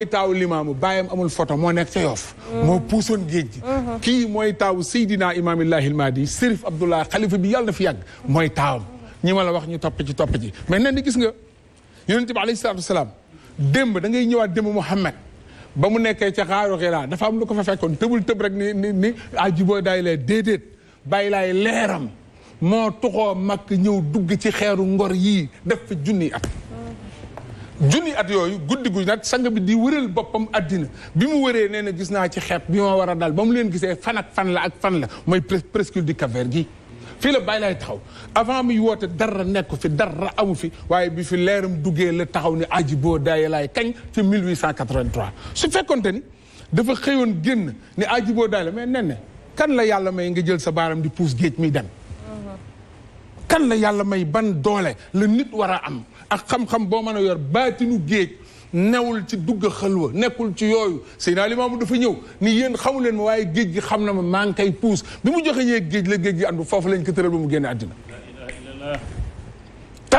mooy taawu limaamu baayam amul photo moo nekk ca yoof moo puusoon géej gi mm-hmm. kii mooy taawu Seydina imaamillahil mahdi Serif Abdoulah xalifa bi yàlla na fi yàgg mooy taawam ñi ma la wax ñu topp ci topp ci mais nen di gis nga yonente bi alayhi salaatu wasalaam démb da ngay ñëwaat démb Muhammad ba mu nekkee ca xaaru dafa am lu ko fa fekkoon tëbul tëb rek ni ni ni ajiboo daay lee déedéet bàyyi laay leeram moo tuxoo mag ñëw dugg ci xeeru ngor yi def fi junniy at junni at yooyu guddi gu nag sanga bi di wëral boppam addina bi mu waree nee na gis naa ci xeet bi ma war a dal ba mu leen gisee fan ak fan la ak fan la mooy presqu'île du Cap-Vert gi fii la bàyyi laay taxaw avant muy woote dara nekk fi dara amu fi waaye bi fi leeram duggee la taxaw ne aji boo daaye laay kañ ci 1883 su fekkonte ni dafa xëyoon génn ne aji boo daaye la mais nen ne kan la yàlla may nga jël sa baaram di puus géej mi dem kan la yàlla may ban doole la nit war a am ak xam-xam boo mën a yor baatinu géej newul ci dugg xalwa nekkul ci yooyu Seydina Limaamu dafa ñëw ni yéen xamu leen ma waaye géej gi xam na ma maa ngi koy puus bi mu joxe ñee géej la géej gi àndu foofu lañ ko tëral ba mu génne àddina te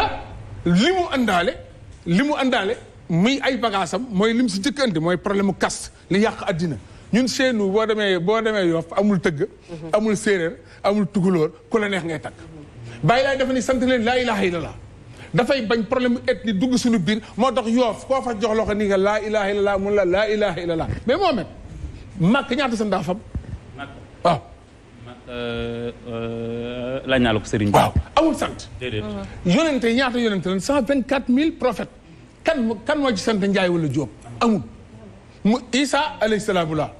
li mu àndaale li mu àndaale muy ay bagaasam mooy lim si jëkk andi mooy problème mu kas li yàq àddina ñun seenu boo demee boo demee Yoff amul tëgg mhm. amul séeréer amul tukulóor ku la neex ngay bàyyi laay dafa ni sant leen laa ilaha illallah dafay bañ problème mu ethnie dugg suñu biir moo tax yoof koo fa jox loxo ni nga laa ilaha illallah mun la laa ilaha illallah mais Mohamed màkk ñaata sant daa fam màkk waaw euh, laaj naa la ko sëriñ waaw amul sant ah, yonente ñaata yonente lan cent vingt quatre mille prophètes kan kan moo ci sant Njaay wala Jóob amul mu Isa alayhi salaam la.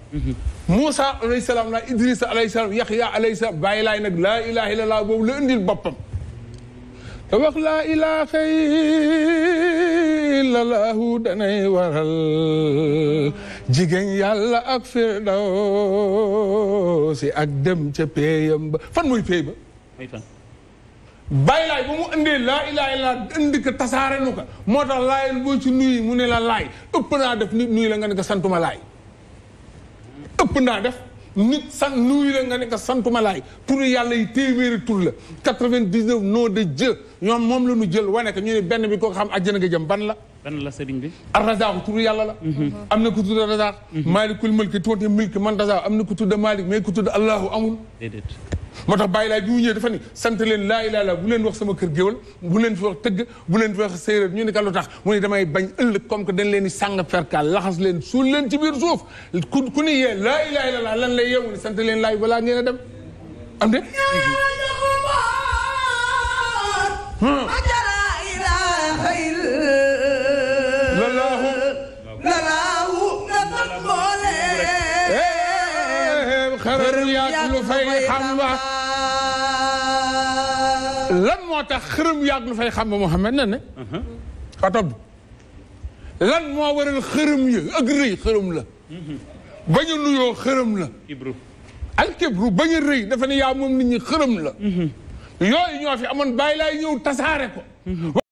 Moussa mhm. alayhi salaam la Idrissa alayhi salaam Yaxya alayhi salaam bàyyi laay nag laa ilaha illallah boobu la indil boppam. te wax laa ilaha illallahu danay waral jigéen yàlla ak firdawsi ak dem ca péeyam ba fan mooy péey ba. bàyyi laay ba mu indee laa ilaaha illa indi ko tasaare nu ko moo tax laayal boo ci nuyu mu ne la laay ëpp naa def nit nuyu la nga ne ko santuma laay ëpp naa def nit sant nuyu la nga ne ko santuma laay tur yàlla yi téeméeri tur la quatre-vingt-dix-neuf de Dieu ñoom moom la ñu jël wane ko ñu ne benn bi koo xam àjjana nga jëm ban la ban la sëriñ bi arrazaq turu yàlla la mhm. am na ko tudd arrazaq mhm. man tasa am na ku tudd maalik mais ko tudd allahu amul moo tax bàyyi laay bi mu ñëwee dafa ni sant leen laa ilaa laa bu leen wax sama kër géwal bu leen fi wax tëgg bu leen fi wax séeréer ñu ne ka lu tax mu ne damay bañ ëllëg comme que dañ leen di sàng ferkaal laxas leen suul leen ci biir suuf ku ku ni yee laa ilaa ilaa lan lay yeewu ni sant leen laay balaa ngeen a dem am de lalaahu lalaahu xërëm yàgg lu fay xam ba lan moo tax xërëm yàgg lu fay xam ba Mouhamed na ne xatob uh-huh. lan moo waral xërëm yi ak rëy xërëm la uh-huh. bañ a nuyoo xërëm la alkibru bañ a rëy dafa ne yaa moom nit ñi xërëm la uh-huh. yooyu ñoo fi amoon bàyyi laay ñëw tasaare ko